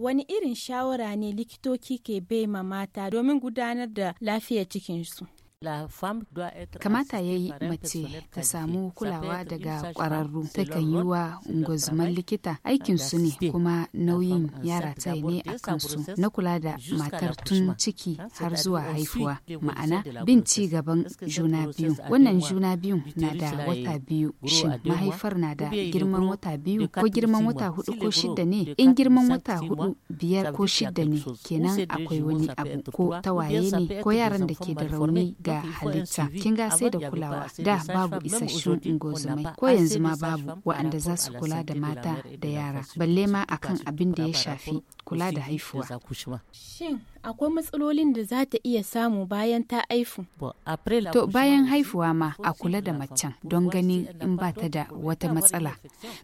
wani irin shawara ne likitoki ke bai ma mata domin gudanar da lafiyar cikinsu? Kamata ya yi mace ta samu kulawa daga kwararru ta kan yi wa ungozuman likita euh, aikin su ne kuma nauyin yara ta ne a kansu na kula da matar tun ciki har zuwa haifuwa ma'ana bin ci gaban juna biyu wannan juna biyu na da wata biyu shin mahaifar na da girman wata biyu ko girman wata hudu ko shida ne in girman wata hudu biyar ko shida ne kenan akwai wani abu ko tawaye ne ko yaran da ke da rauni da halitta kin ga sai da kulawa da babu isasshun ungozumai ko yanzu ma babu wa'anda za su kula da mata da yara balle ma akan abin da ya shafi kula da haifuwa akwai matsalolin da za ta iya samu bayan ta haifu. To bayan haifuwa ma a kula da macen don ganin in ba ta da wata matsala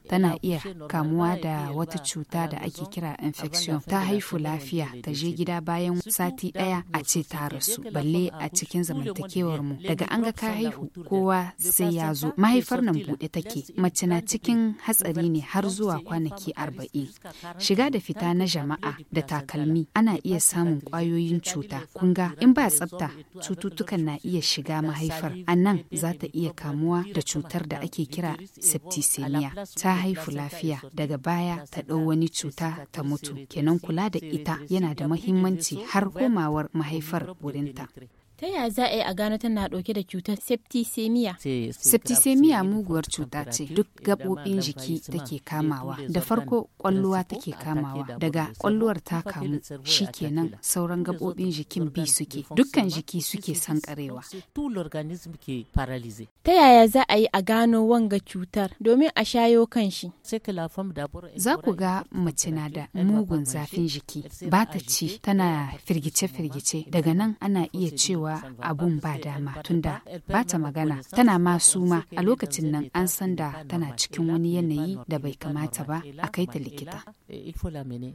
tana iya kamuwa da wata cuta da ake kira infection ta haifu lafiya ta je gida bayan sati ɗaya a ce ta rasu balle a cikin zamantakewar mu daga an ga ka haihu kowa sai ya zo mahaifar nan buɗe take mace na cikin hatsari ne har zuwa kwanaki arba'in shiga da fita na jama'a da takalmi ana iya samun kwayoyin cuta kunga in ba tsafta cututtukan na iya shiga mahaifar a za ta iya kamuwa da cutar da ake kira septicemia ta haifu lafiya daga baya ta ɗau wani cuta ta mutu kenan kula da ita yana da mahimmanci har komawar mahaifar wurinta Ta yaya za a yi a gano tana ɗauke da cutar septicemia? Septicemia muguwar cuta ce duk gaɓoɓin jiki take kamawa. Da farko ƙwalluwa take kamawa. Daga kwalluwar ta kamu shi kenan sauran gabobin jikin bi suke. Dukkan jiki suke sankarewa. Ta yaya za a yi a gano wanga cutar domin a shayo kan shi? Za ku ga mace na da mugun zafin jiki. Ba ta ci tana firgice-firgice. Daga nan ana iya cewa cewa abun ba dama tunda ba ta magana tana ma suma a lokacin nan an san da tana cikin wani yanayi da bai kamata ba a kai ta likita. Eh,